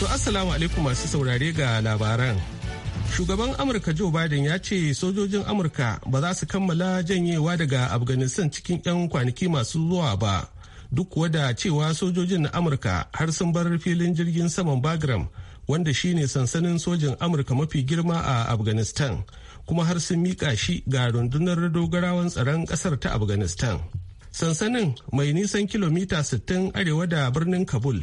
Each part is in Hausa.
To Assalamu alaikum masu saurare ga labaran. Shugaban Amurka Joe Biden ya ce sojojin Amurka ba za su kammala janyewa daga Afghanistan cikin 'yan kwanaki masu zuwa ba. Duk kuwa da cewa sojojin na Amurka har sun bar filin jirgin saman Bagram wanda shine sansanin sojin Amurka mafi girma a Afghanistan kuma har sun miƙa shi ga rundunar dogarawan tsaron ƙasar ta Afghanistan. Sansanin mai nisan kilomita 60 arewa da birnin Kabul.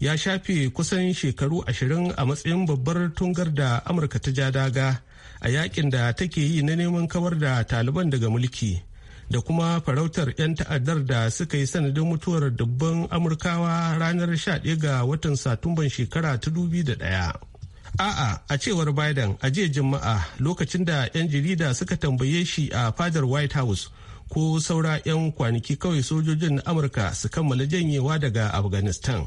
ya shafe kusan shekaru ashirin a matsayin babbar tungar da amurka ta ja daga a yakin da take yi na neman kawar da taliban daga mulki da kuma farautar 'yan ta'addar da suka yi sanadin mutuwar dubban amurkawa ranar 11 ga watan satumban shekara ta 2001 a'a a cewar biden a jiya juma'a lokacin da 'yan jarida suka tambaye shi a fadar white house ko saura 'yan kwanaki kawai sojojin amurka su kammala janyewa daga afghanistan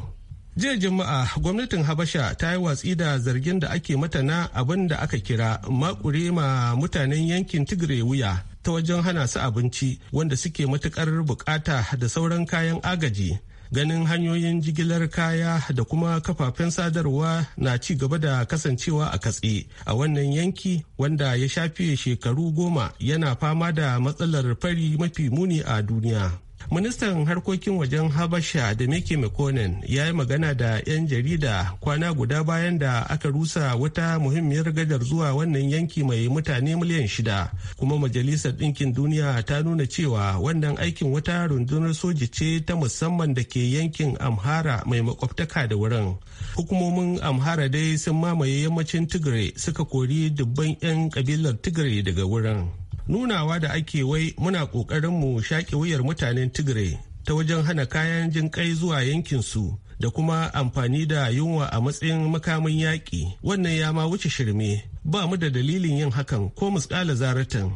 jiya juma'a gwamnatin habasha ta yi watsi da zargin da ake mata na abin da aka kira makure ma mutanen yankin tigray wuya ta wajen hana su abinci wanda suke matukar bukata da sauran kayan agaji ganin hanyoyin jigilar kaya da kuma kafafen sadarwa na ci gaba da kasancewa a katse a wannan yanki wanda ya shafe shekaru goma yana fama da matsalar fari mafi muni a duniya ministan harkokin wajen habasha da mike mekonin ya yi magana da 'yan jarida kwana guda bayan da aka rusa wata muhimmiyar gadar zuwa wannan yanki mai mutane miliyan shida kuma majalisar ɗinkin duniya ta nuna cewa wannan aikin wata rundunar soji ce ta musamman da ke yankin amhara mai makwabtaka da wurin hukumomin amhara dai sun mamaye yammacin tigray suka kori dubban 'yan kabilar tigray daga wurin nunawa da ake wai muna ƙoƙarin mu shaƙe wuyar mutanen tigray ta wajen hana kayan jin kai zuwa yankinsu da kuma amfani da yunwa a matsayin makamin yaƙi wannan ya ma wuce shirme ba mu da dalilin yin hakan ko muskala zaratan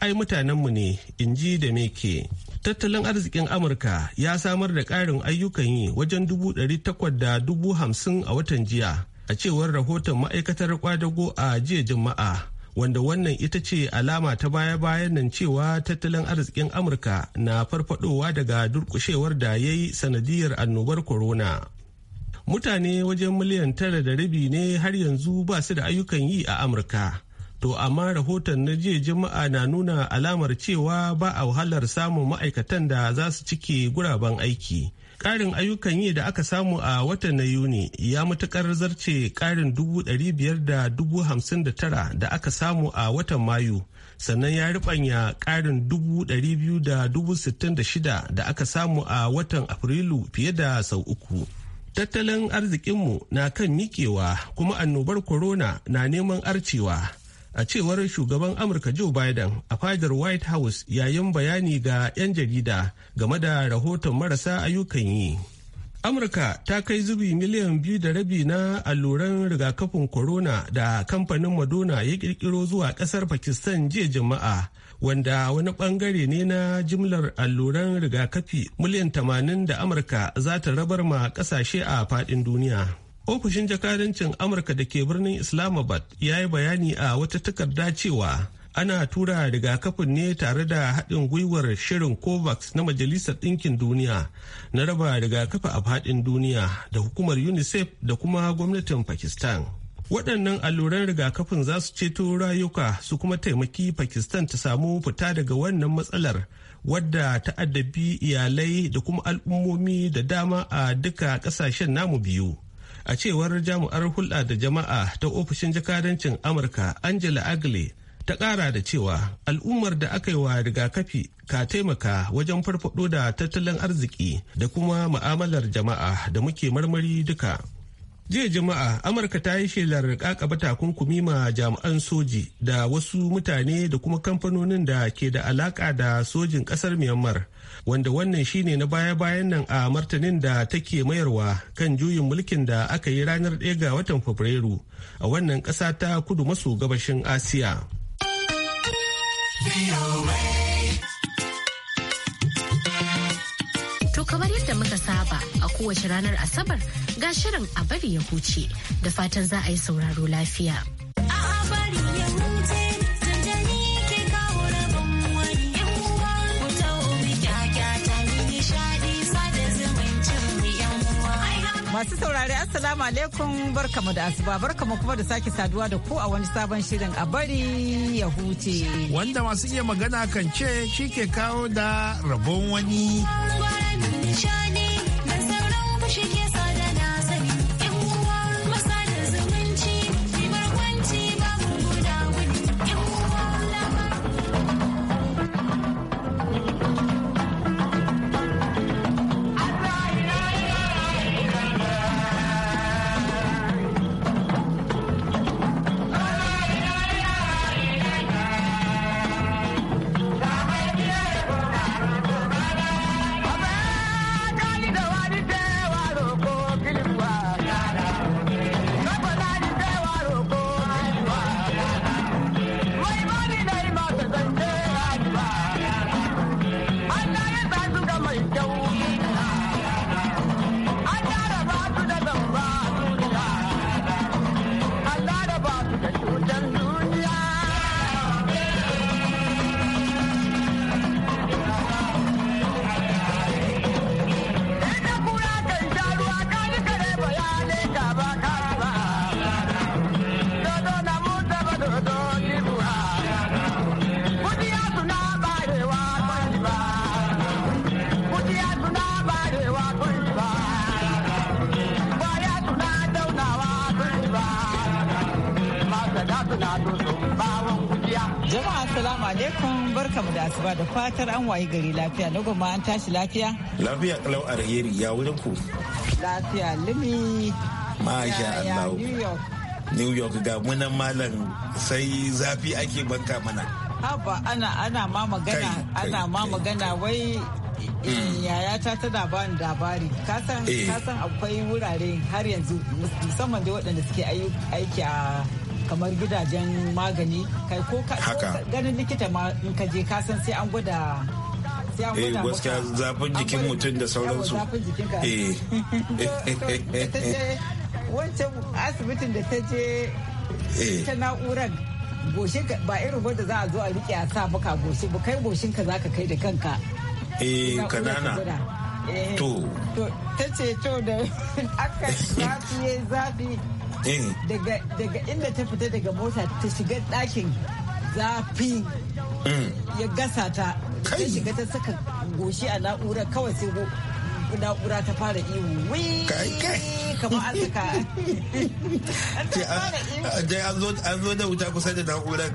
ai mutanenmu ne in ji da meke tattalin arzikin amurka ya samar da ƙarin ayyukan yi wajen dubu ɗari takwas da dubu hamsin a watan jiya a cewar rahoton ma'aikatar kwadago a jiya juma'a wanda wannan ita ce alama ta baya-bayan nan cewa tattalin arzikin amurka na farfadowa daga durkushewar da ya yi sanadiyar annobar corona mutane wajen miliyan tara da rabi ne har yanzu ba su da ayyukan yi a amurka to amma rahoton na jiya jama'a na nuna alamar cewa ba a wahalar samun ma'aikatan da za su cike guraben aiki Ƙarin ayyukan yi da aka samu a watan na Yuni ya matuƙar zarce ƙarin dubu ɗari biyar da dubu hamsin da tara da aka samu a watan Mayu, sannan ya riɓanya ƙarin dubu ɗari biyu da dubu sittin da shida da aka samu a watan Afrilu fiye da sau uku. Tattalin arzikinmu na kan miƙewa kuma annobar corona na neman arcewa. a cewar shugaban amurka joe biden a fadar white house yayin bayani ga 'yan jarida game da rahoton marasa ayyukan yi amurka ta kai zubi miliyan biyu da rabi na alluran rigakafin corona da kamfanin Madona ya kirkiro zuwa kasar pakistan jiya jama'a wanda wani bangare ne na jimlar alluran rigakafi miliyan tamanin da amurka za ta rabar ma kasashe a fadin duniya ofishin jakadancin amurka da ke birnin islamabad ya yi bayani a wata takarda cewa ana tura rigakafin ne tare da haɗin gwiwar shirin covax na majalisar ɗinkin duniya na raba rigakafi a faɗin duniya da hukumar unicef da kuma gwamnatin pakistan waɗannan alluran rigakafin za su ceto rayuka su kuma taimaki pakistan ta samu fita daga wannan matsalar wadda ta addabi iyalai da kuma al'ummomi da dama a duka ƙasashen namu biyu a cewar jami'ar hulɗa da jama'a ta ofishin jakadancin amurka angela agle ta ƙara da cewa al'ummar da aka yi wa rigakafi ka taimaka wajen farfaɗo da tattalin arziki da kuma ma'amalar jama'a da muke marmari duka jiya jama'a amurka ta yi shelar kakaba takunkumi ma jami'an soji da wasu mutane da kuma kamfanonin da ke da alaka da sojin kasar myanmar wanda wannan shine na baya-bayan nan a martanin da take mayarwa kan juyin mulkin da aka yi ranar ɗaya ga watan fabrairu a wannan ƙasa ta kudu maso gabashin asiya. kowace ranar Asabar ga shirin a bari ya huce da fatan za a yi sauraro lafiya. Masu saurari Assalamu alaikum barkamu da asuba barkamu kuma da sake saduwa da ku a wani sabon shirin a bari ya huce. Wanda masu iya magana kan ce shi ke kawo da rabon wani. an yi gari lafiya na goma an tashi lafiya lafiya kalau alheri ya wurin ku lafiya limi masha Allah New York ga munan malam sai zafi ake banka mana haba ana ana ma magana ana ma magana wai eh, hmm. yayata tana ba ni labari kasan eh. kasan akwai wurare har yanzu musamman da waɗanda suke aiki a kamar gidajen magani kai ko ka ganin likita ma in ka je ka san sai an gwada eh gaskiya zafin jikin mutum da sauransu eh wancan asibitin da ta je eh. ta na'urar goshi ba irin wanda za a zo a rike a sa maka goshi ba kai goshin ka zaka kai da kanka eh kanana eh. to ta ce to da aka zafi zafi daga inda ta fita daga mota ta shiga ɗakin zafi mm. ya gasa ta ta shiga ta saka goshi a na'ura kawai sai na'ura ta fara iwu wii kama an saka dai an zo da wuta kusa da na'urar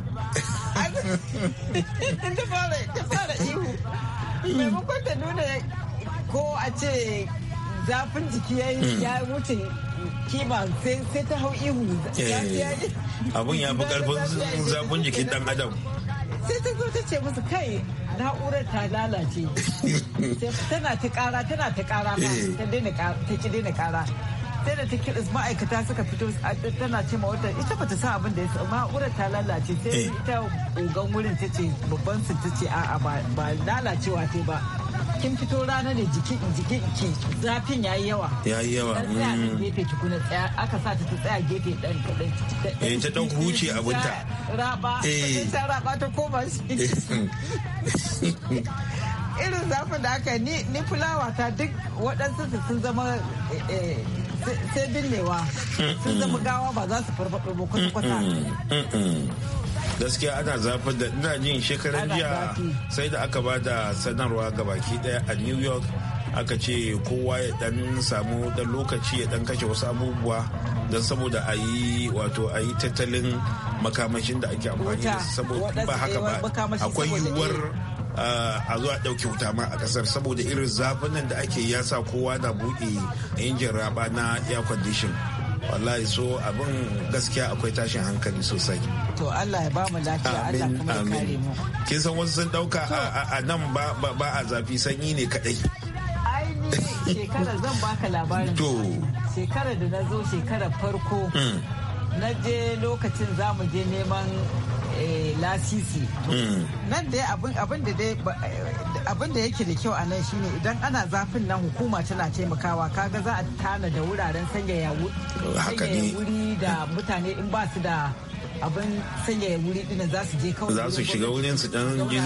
ta fara iwu maimakon ta nuna ko a ce zafin jiki ya mm. wuce kiban sai ta hau ihu eh, abun ya fi karfin zafin jikin dan adam sai ta zo ta ce musu kai na'urar ta lalace tana ta kara tana ta kara eh. ta ki daina kara sai da ta kiris ma'aikata suka fito tana ce ma wata ita ta sa abin da ya sa ma'urar ta lalace sai eh. ta ogan wurin ta ce babban su ta ce a'a ba lalacewa ta ba kin fito rana ne jiki jiki ki zafin yayi yawa yayi yawa tsaya nan mm. gefe tukuna tsaya aka sa ta tsaya gefe dan kadan eh ta dan huce abunta raba eh ta raba ta koma irin zafin da aka ni ni fulawa ta duk waɗansu sun zama eh, eh, sai binnewa mm, sun zama mm. gawa ba za su farfaɗo ba kwata-kwata gaskiya ana zafin da ina jin shekaran jiya sai da aka ba da sanarwa ga baki daya a new york aka ce kowa ya dan samu dan lokaci ya dan kashe wasu abubuwa don saboda a yi wato a yi tattalin makamashin da ake amfani da saboda ba haka ba akwai yiwuwar eh. a zuwa ɗauki wuta ma a ƙasar saboda irin zafin da ake yasa kowa na buɗe injin raba na air condition wallahi so abin gaskiya akwai tashin hankali sosai to Allah ya ba mu lafiya Allah kuma ya kare mu kin san wasu sun dauka a nan ba ba a zafi sanyi ne kadai shekara zan baka labarin to shekara da na zo shekara farko hmm. na je lokacin zamu je neman Eh, lasisi hmm. nan dai abin da dai eh, yake da kyau a nan shine idan ana zafin nan hukuma tana taimakawa kaga za a tana da wuraren sanyaya wuri da mutane in ba su da abin sanya wuri dinan za su je kawai za su shiga wurin su dan jin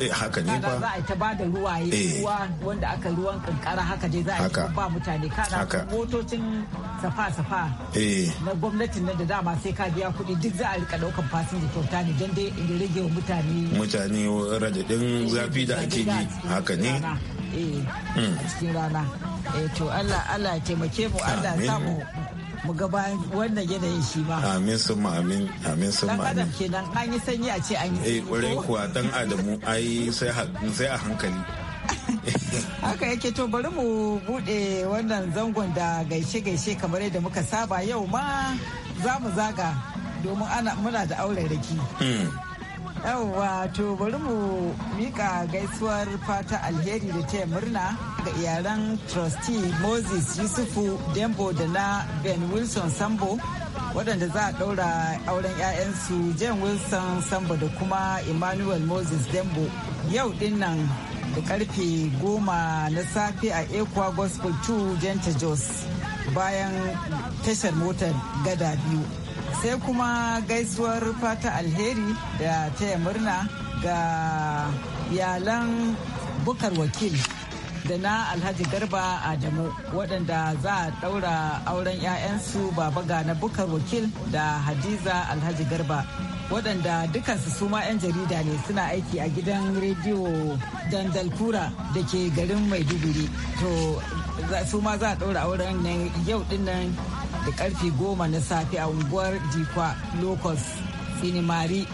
eh, haka ne fa za a ta ba ruwaye eh. ruwa wanda aka ruwan kankara haka je za a ta ba mutane kada motocin safa safa eh. na gwamnatin nan da dama sai ka biya kuɗi duk za a rika daukan fasinja kyauta ne dan dai in rage wa mutane mutane radadin zafi da ake ji haka ne a hmm. cikin rana to Allah Allah taimake mu Allah samu mu ga bayan wannan yanayin shi ma amin sun ma amin amin sun ma amin kenan an yi sanyi a ce an yi eh, sanyi eh kwarai kuwa dan adamu ai sai a hankali haka yake to bari mu bude wannan zangon da gaishe-gaishe kamar yadda muka saba yau ma za mu zaga domin muna da auren raki. Hmm. yawwa to bari mu mika gaisuwar fata alheri da taya murna ga iyalan trustee moses yusufu dembo da na ben wilson sambo waɗanda za a ɗaura auren 'ya'yansu jen wilson sambo da kuma emmanuel moses dembo yau ɗin nan da karfe goma na safe a ekwa gospel 2 jenta jos bayan tashar motar gada biyu sai kuma gaisuwar fata alheri da taya murna ga yalan bukar wakil da na alhaji garba adamu waɗanda za a ɗaura auren 'ya'yansu baba ga na bukar wakil da hadiza alhaji garba waɗanda dukansu su ma 'yan jarida ne suna aiki a gidan rediyo dandalkura da ke garin maiduguri to su za a ɗaura auren nan yau ɗin da karfe goma na safe a unguwar Dikwa Locus Sinimari.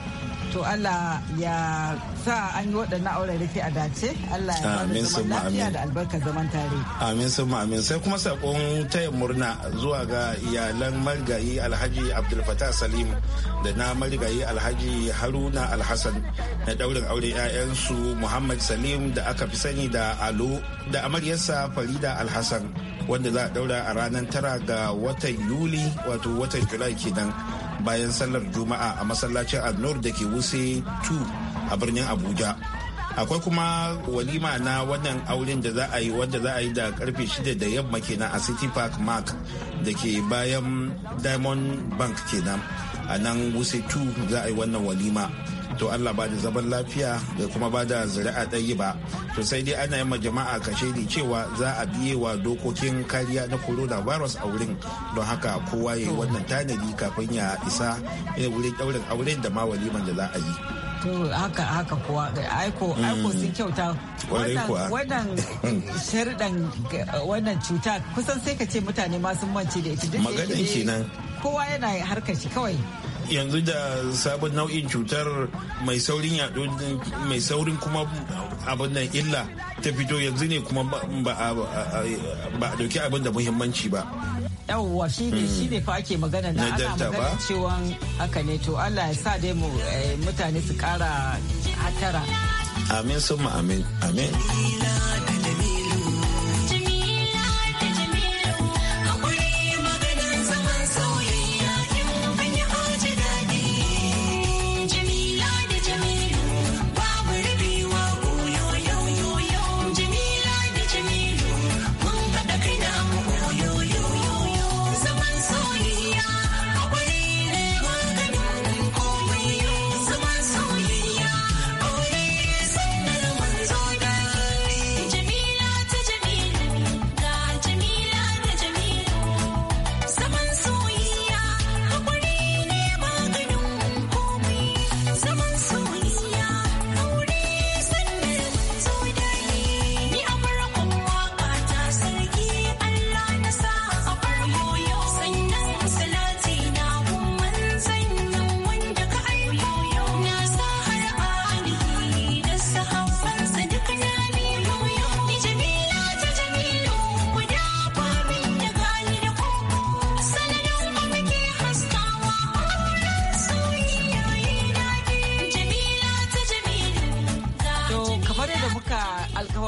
To Allah ya sa an yi waɗannan aurariki a dace, Allah ya ba zaman lafiya da albarkar zaman tare. Amin sun amin sai kuma saƙon taya murna zuwa ga iyalan marigayi Alhaji Abdul Salim da na marigayi Alhaji Haruna Alhassan na ɗaurin aure 'ya'yansu Muhammad Salim da aka fi sani da Alo da amaryarsa Farida Alhassan. wanda za a daura a ranar tara ga watan yuli wato watan julai kenan bayan sallar juma'a a masallacin annur da ke wuse 2 a birnin abuja akwai kuma walima na wannan auren da za a yi wanda za a yi da karfe 6 da yamma kenan a city park mark da ke bayan diamond bank kenan a nan wuse 2 za a yi wannan walima to Allah ba da zaman lafiya da kuma ba da zuri'a ɗayi ba to sai dai ana yin jama'a ne cewa za a biye wa dokokin kariya na coronavirus a wurin don haka kowa ya yi wannan tanadi kafin ya isa wurin ɗaurin auren da ma waliman da za a yi to haka haka kuwa aiko aiko sun mm. kyauta wannan sharɗan wannan cuta kusan sai ka ce mutane ma sun mance da ita duk maganin kenan kowa yana harkar shi kawai yanzu da sabon nau'in cutar mai saurin yaɗo mai saurin kuma abin nan illa ta fito yanzu ne kuma ba a ɗauki abin da muhimmanci ba yawwa shi ne shi ne fa ake magana na ana magana cewa haka ne to Allah ya sa dai mu eh, mutane su kara hatara amin sun amin amin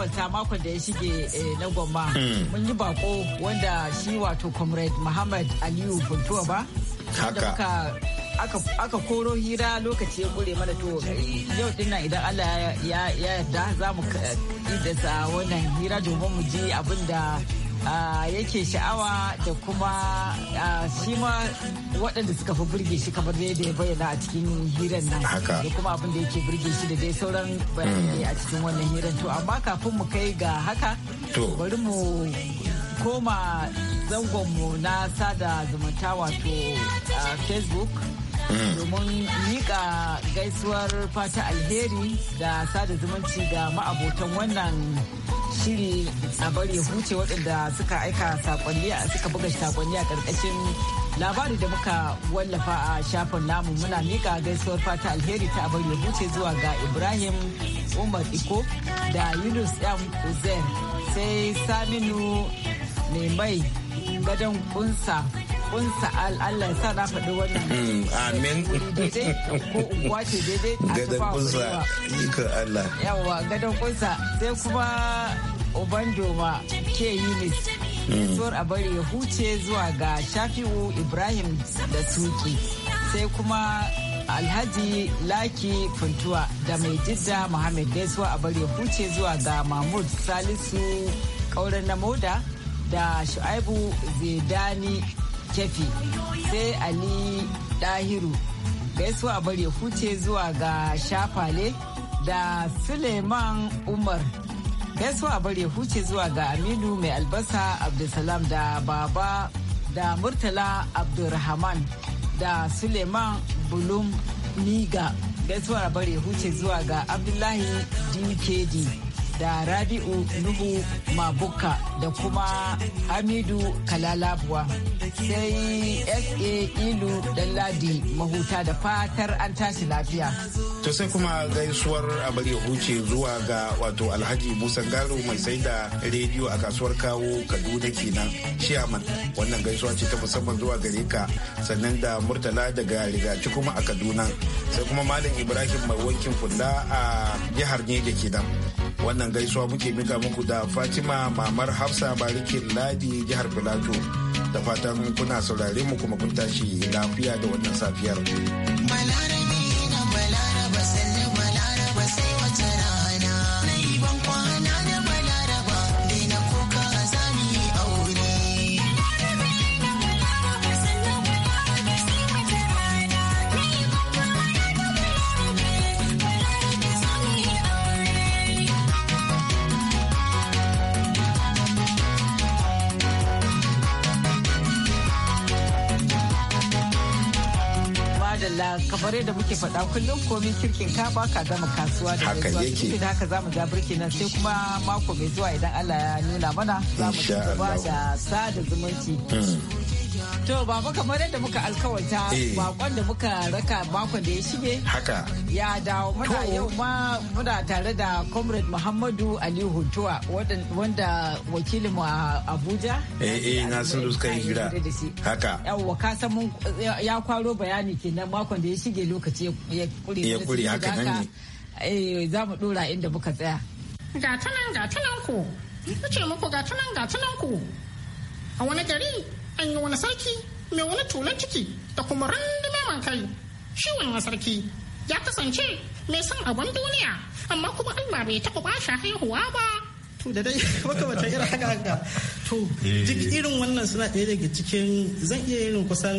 alkawarta makon da ya shige eh, na gwamma mun yi bako wanda shi wato comrade muhammad aliyu funtuwa ba haka aka koro hira lokaci ya gure mana to eh, yau din nan idan Allah ya yarda za mu eh, idasa wannan hira domin mu je abin da yake sha'awa da kuma shi ma waɗanda suka fi burge shi kamar da ya bayyana a cikin hirar nan da kuma abin da yake burge shi da dai sauran bayanai mm. a cikin wannan hirar to amma kafin mu kai ga haka bari mu koma zangonmu na sada zumunta wato facebook domin miƙa gaisuwar fata alheri da sada zumunci ga ma'abotan wannan shiri a bari ya huce waɗanda suka aika sakonni suka buga sakonni a ƙarƙashin labari da muka wallafa a shafin namu muna mika gaisuwar fata alheri ta abar ya huce zuwa ga ibrahim umar iko da yunus m uzair sai saminu mai mai gadon kunsa zaɓinsa Allah ya sa na faɗi wannan. Mm, amin. Ko unguwa ce daidai a tufa kunsa. Ikon Allah. Yawwa gadon kunsa sai kuma Obandoma ke ne. Tsohon mm. a bari ya huce zuwa ga Shafi'u Ibrahim da Suki. Sai kuma Alhaji Laki Funtuwa da mai jidda Muhammad Gaisuwa a bari ya huce zuwa ga Mahmud Salisu Kauran na Moda da Shu'aibu Zedani kefi sai ali dahiru gaisuwa bari huce zuwa ga shafale da suleiman umar gaisuwa bari huce zuwa ga aminu mai albasa abdulsalam da baba da murtala abdulrahman da suleiman bulum niga gaisuwa bari huce zuwa ga abdullahi dkd da rabi'u nuhu mabuka da kuma hamidu kalalabuwa sai sa ilu danladi mahuta da fatar an tashi lafiya to sai kuma gaisuwar abar huce zuwa ga wato alhaji musa garo mai sai da rediyo a kasuwar kawo kaduna kenan shiyaman wannan gaisuwa ce ta musamman zuwa gare ka sannan da murtala daga rigaci kuma a kaduna sai kuma malam ibrahim mai wankin kula a jihar ne da ke wannan wannan gaisuwa muke miga muku da fatima mamar hafsa barikin ladi jihar filato da fatan kuna saurare mu kuma kun tashi lafiya da wannan safiyar. kamar da muke faɗa kullum komin kirkin ka ka gama kasuwa da haka yake da haka zamu ja birki nan sai kuma mako mai zuwa idan Allah ya nuna mana za mu ci gaba da sada zumunci hmm. To baba kamar yadda muka alkawarta eh. bakon da muka raka bakon da ya shige. Haka. Ya dawo muna yau ma muna tare da Comrade Muhammadu Ali Hutuwa wanda wakilin mu a Abuja. Eh eh na san da suka yi hira. Haka. Yawwa ka san mun ya kwaro bayani kenan makon da ya shige lokaci ya kure. Ya kure haka nan ne. Eh za mu dora inda muka tsaya. Ga tunan ga tunan ku. Ku ce muku ga tunan ga tunan ku. A wani gari an yi wani sarki mai wani tulon ciki da kuma rundume man kai shi wannan sarki ya kasance mai son abin duniya amma kuma Allah bai taɓa ba shi haihuwa ba to da dai wata irin haka haka to duk eh. irin wannan suna ɗaya daga cikin zan iya irin kusan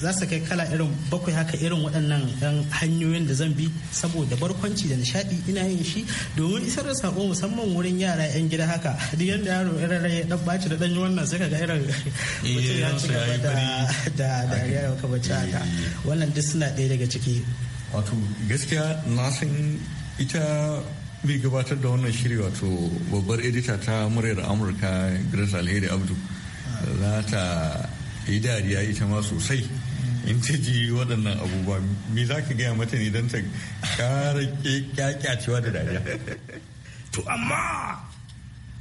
za su kai kala irin bakwai haka irin waɗannan hanyoyin da zan bi saboda barkwanci da nishaɗi ina yin shi domin isar da sako musamman wurin yara yan gida haka duk yadda yaro irin rai dan baci da danyi wannan sai kaga irin eh, mutum ya ci da da dariya ka bace haka eh. wannan duk suna ɗaya daga ciki wato gaskiya na san ita bai gabatar da wannan shiri wato babbar edita ta muryar amurka grace alheri abdu za ta yi dariya ita ma sosai in ta ji waɗannan abubuwa me za ka gaya mata ne don ta kara kyakyacewa da dariya to amma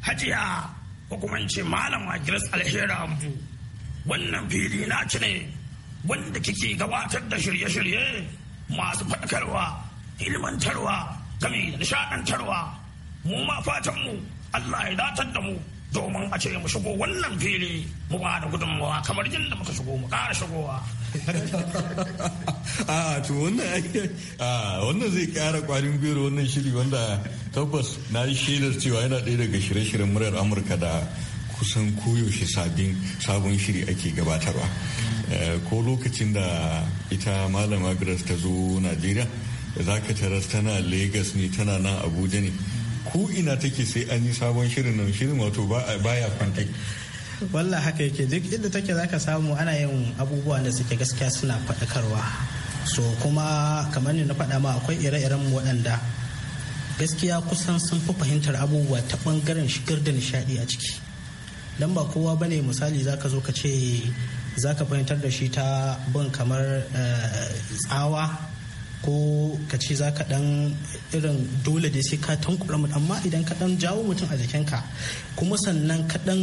hajiya ko kuma in ce malam agiris alhera abdu wannan fili na ci ne wanda kike gabatar da shirye-shirye masu faɗakarwa ilmantarwa game da nishaɗantarwa mu ma fatanmu allah ya datar da mu domin a ce mu shigo wannan fili mu ba da gudunmawa kamar yadda muka shigo mu kara shigowa a to wannan zai ƙara kwarin gwiwar wannan shiri wanda tabbas na yi shaidar cewa yana ɗaya daga shirye-shiryen murar amurka da kusan koyaushe sabin sabon shiri ake gabatarwa eh, ko lokacin da ita malama grace ta zo najeriya za ka tana lagos ne tana nan abuja ne ko ina take sai an yi sabon shirin nan shirin wato baya kwanta wallah haka yake duk inda take zaka samu ana yin abubuwa da suke gaskiya suna faɗakarwa so kuma kamar ne na faɗa ma akwai ire-iren waɗanda gaskiya kusan sun fi fahimtar abubuwa ta ɓangaren shigar da nishaɗi a ciki dan ba kowa bane misali zaka zo ka ce zaka fahimtar da shi ta bin kamar eh, tsawa ko ka ce za ka dan irin dole da sai ka tankura mutum amma idan ka dan jawo mutum a jikinka kuma sannan ka dan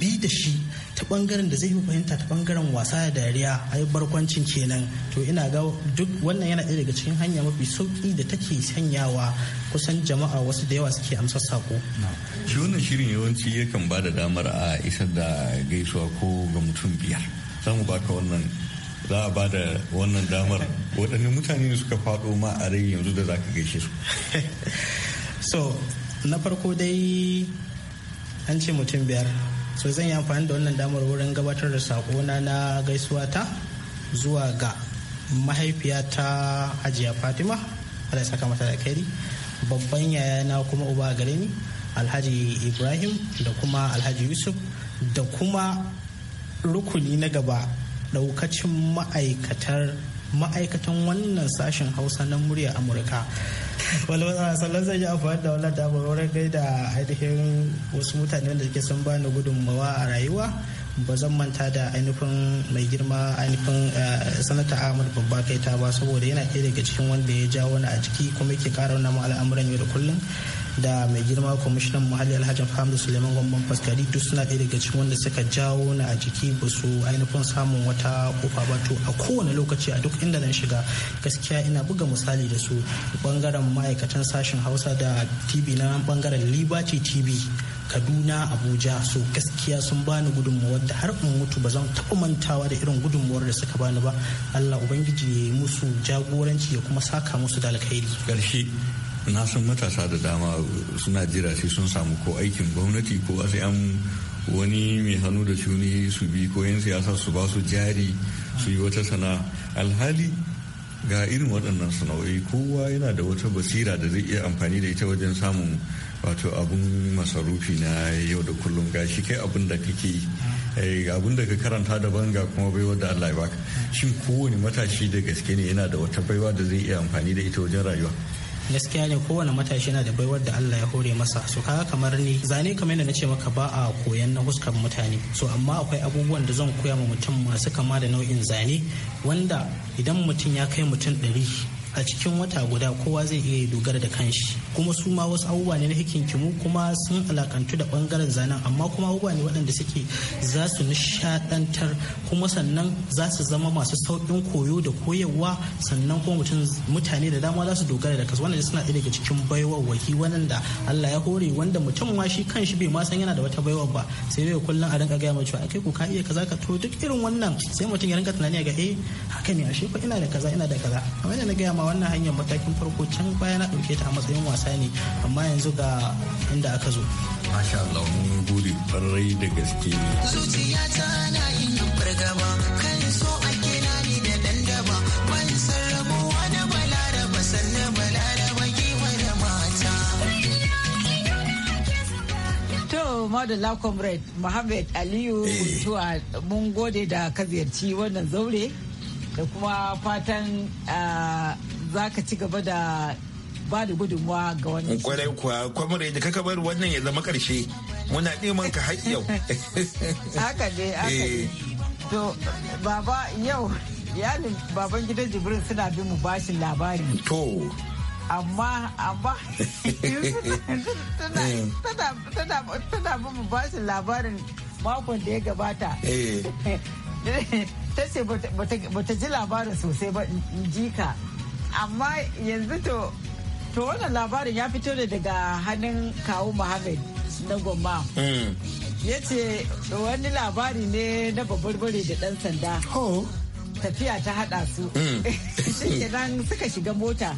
bi da shi ta bangaren da zai fi fahimta ta bangaren wasa da dariya a yi barkwancin kenan to ina ga duk wannan yana ɗaya daga cikin hanya mafi sauki da take sanyawa kusan jama'a wasu da yawa suke amsa sako shi wannan shirin yawanci yakan ba da damar a isar da gaisuwa ko ga mutum biyar za mu baka wannan za a ba da wannan damar waɗanne mutane ne suka faɗo ma a rai yanzu da za ka gaishe su so na farko dai an ce mutum biyar so zan yi amfani da wannan damar wurin gabatar da sakona na gaisuwa ta zuwa ga mahaifiyata hajiya fatima ala saka mata da kairi babban yayana kuma uba gare ni alhaji ibrahim da kuma alhaji yusuf da kuma rukuni na gaba daukacin ma'aikatar ma'aikatan wannan sashen hausa na murya amurka sannan zai yi amfani da wannan damar gai gaida ainihin wasu mutanen da ke sun bani gudunmawa a rayuwa ba zan manta da ainihin mai girma ainihin eh, sanata ahmad babba kai ta ba saboda yana ɗaya daga cikin wanda ya ja wani a ciki kuma yake ƙara wani al'amuran yau da kullum da mai girma kwamishinan muhalli alhaji hamdu suleiman gwamnan faskari duk suna ɗaya daga cikin wanda suka jawo na a jiki ba su ainihin samun wata kofa ba to a kowane lokaci a duk inda na shiga gaskiya ina buga misali da su bangaren ma'aikatan sashen hausa da tv na bangaren liberty tv kaduna abuja so gaskiya sun bani gudunmawar da har in mutu ba zan taɓa mantawa da irin gudunmawar da suka bani ba allah ubangiji ya yi musu jagoranci ya kuma saka musu da alkhairi na san matasa da dama suna jira sai sun samu ko aikin gwamnati ko sai an wani mai hannu da shuni su bi ko yin siyasa su ba su jari su yi wata sana alhali ga irin waɗannan sana'o'i kowa yana da wata basira da zai iya amfani da ita wajen samun wato abun masarufi na yau da kullum ga shi kai abun da kake eh, da ka karanta daban ga kuma baiwa da Allah ya baka shin kowane matashi da gaske ne yana da wata baiwa da zai iya amfani da ita wajen rayuwa gaskiya ne kowane matashi yana da baiwar da Allah ya hore masa so kaga kamar ni zane kamar yadda ce maka ba a koyan na huskar mutane so amma akwai abubuwan da zan koya ma mutum masu kama da nau'in zane wanda idan mutum ya kai mutum ɗari a cikin wata guda kowa zai iya dogara da kanshi kuma su ma wasu abubuwa ne na hikinkimu kuma sun alakantu da bangaren zanen amma kuma abubuwa ne waɗanda suke za su nishadantar kuma sannan za su zama masu sauƙin koyo da koyarwa sannan kuma mutane da dama za su dogara da kansu wanda suna ɗaya daga cikin baiwawwaki wanda Allah ya hore wanda mutum ma shi kanshi bai ma san yana da wata baiwa ba sai dai kullum a rinka gaya mai cewa akai ko ka iya kaza ka to duk irin wannan sai mutum ya rinka tunani ga eh haka ne ashe ko ina da kaza ina da kaza amma yadda na gaya ma wannan hanyar matakin farko can baya na ɗauke ta a matsayin wasa ne amma yanzu ga inda aka zo masha Allah mun gode farai da gaske zuciyata na yin fargaba kan so ake na ni da dandaba ban sarrabuwa da balaraba sannan balaraba kiwa da mata to madalla comrade Muhammad Aliyu Kuntuwa eh. mun gode da ka wannan zaure da kuma fatan ah, za ka ci gaba da ba da gudunmuwa ga wani. kwarai kuwa kwamar da kaka bar wannan ya zama karshe muna neman ka har yau haka ne haka ne eh. to baba yau yalin baban gidan jibrin suna bin mu bashin labari to amma amma tana eh. bin mu bashin labarin makon da ya gabata eh. ta ce bata ji labarin sosai ba in ji ka amma yanzu to to wannan labarin ya fito ne daga hannun kawu muhammad na goma hmm. ya ce wani labari ne na babarbare da dan sanda tafiya ta hada su hmm. kenan suka shiga mota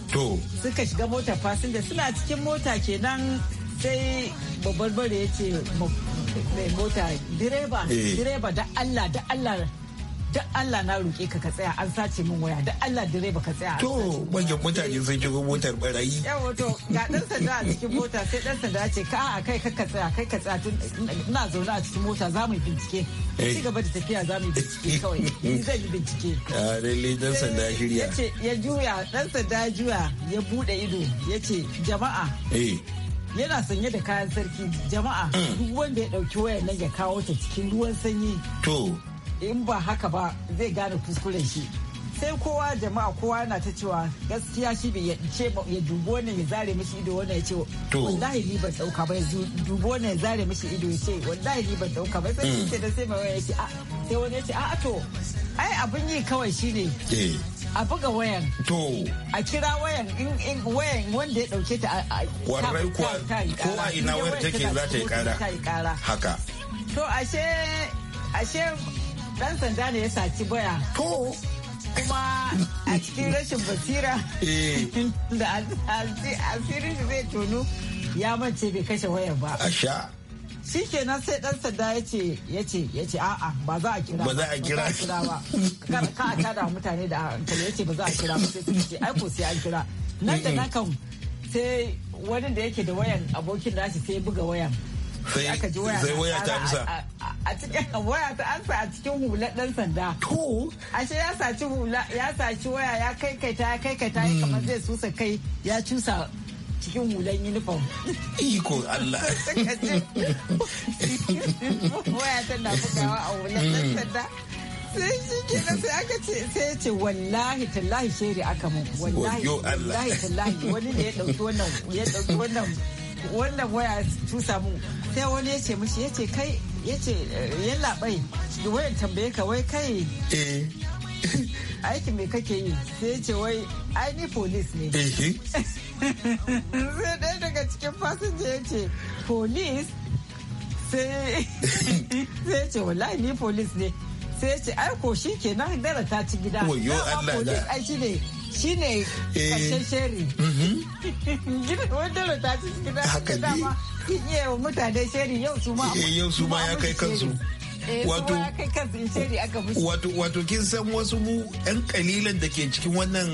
suka shiga mota fasinja suna cikin mota kenan sai babarbare ya ce mai mota direba eh. direba da allah da allah duk Allah na roƙe ka ka tsaya an sace min waya duk Allah direba ka tsaya to manyan mutane sun shigo motar barayi yawa to ga dan sanda a cikin mota sai dan sanda ce ka a kai ka ka tsaya kai ka tsaya tun ina zaune a cikin mota za mu yi bincike eh. ci gaba da tafiya za mu yi bincike kawai ni zan yi bincike a ah, lalle dan sanda ya shirya yace ya juya dan sanda ya juya ya bude ido yace jama'a eh yana sanye da kayan sarki jama'a mm. duk wanda ya dauki wayar nan ya kawo ta cikin ruwan sanyi to in ba haka ba zai gane kuskuren shi sai kowa jama'a kowa na ta cewa gaskiya shi bai ce ya dubo ne ya zare mishi ido wannan ya ce wallahi ni ban dauka ba dubo ne ya zare mishi ido ya ce wallahi ni ban dauka ba sai mm. shi da sai mai ya ce sai wani ya ce a to ai abin yi kawai shine eh. a buga wayan to a kira wayan in in wayan wanda ya dauke ta a ko ko a ina wayar take za ta yi kara haka to ashe ashe dan sanda ne ya saci baya to kuma a cikin rashin basira eh. da asirin da zai tonu ya mace bai kashe wayar ba Asha. shi kenan sai dan sanda ya ce ya ce ya ce a'a ba za a kira ba za a kira ba ka ka tada mutane da hankali ya ce ba za a kira ba sai su ce ai ko sai an kira nan da nakan sai wani da yake da wayan abokin nashi sai ya buga wayan sai aka ji waya ta amsa a cikin waya ta amsa a cikin hular dan sanda to ashe ya saci hula ya saci waya ya kaikaita kai kaikaita ya hmm. kamar zai susa kai ya cusa cikin hulan uniform iko Allah waya ta na bugawa a hular dan hmm. sanda sai shi kenan sai aka ce sai ya ce wallahi tallahi shiri aka mun wallahi tallahi wani ne ya dauki wannan ya dauki wannan wannan waya tusa mun sai wani ya ce mishi ya ce kai ya ce eh, yalla bai wai tambaye ka wai kai eh. aiki mai kake yi sai ce wai ai ni police ne eh. sai ɗaya daga cikin fasinja ya ce police sai ya ce wallahi ni police ne sai ya ce ai ko shi kenan dara ta ci gida na police ai shi ne shi ne ƙarshen sheri mhm. gidan wani dara ta ci gida dama kin iya mutane shari yau su ma eh, yau su ma ya eh, kai kansu wato wato wato kin san wasu mu yan kalilan da ke cikin wannan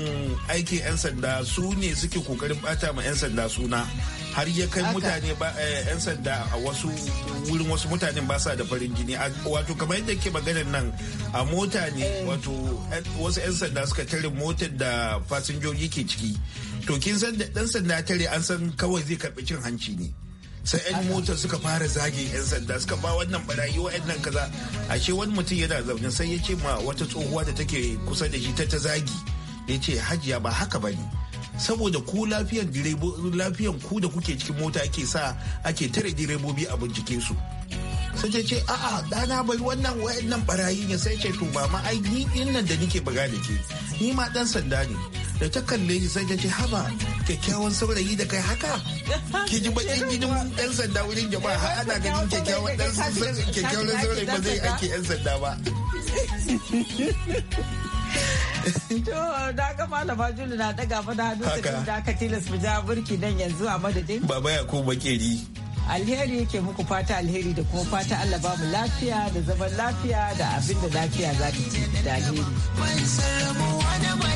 aikin yan sanda su ne suke kokarin bata ma yan sanda suna har ya kai mutane ba eh, yan sanda a wasu wurin wasu mutanen ba sa da farin jini wato kamar yadda ke maganar nan a mota ne wato wasu yan sanda suka tare motar da fasinjoji ke ciki to kin san da dan sanda tare an san kawai zai karbi cin hanci ne sai yan mota suka fara zage yan sanda suka ba wannan barayi wa'annan kaza ashe wani mutum yana zaune sai ya ce ma wata tsohuwa da take kusa da shi ta ta zagi ya ce hajiya ba haka ba ne saboda ku lafiyan lafiyan ku da kuke cikin mota ake sa ake tare direbobi a bincike su sai ta ce a'a dana bai wannan wayannan barayi ne sai ce to ba ma ai ni din nan da nike buga da ke ni ma dan sanda ne da ta kalle shi sai ta ce haba kyakkyawan saurayi da kai haka ki ji bakin jinin dan sanda wurin jama'a har ana ganin kyakkyawan dan kyakkyawan saurayi ba zai ake yan sanda ba to da ga malama Julu na daga fa da hannu sai da aka tilas mu ja burki nan yanzu a madadin baba ya ko bakeri alheri yake muku fata alheri da kuma fata Allah ba mu lafiya da zaman lafiya da abin da lafiya za ta ci da alheri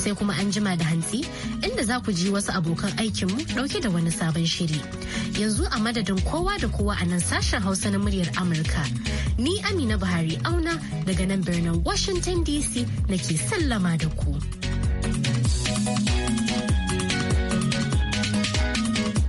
sai kuma an jima da hantsi inda za ku ji wasu abokan aikinmu dauke da wani sabon shiri. Yanzu a madadin kowa da kowa a nan sashen Hausa na muryar Amurka. Ni Amina Buhari auna daga nan birnin Washington DC nake sallama da ku.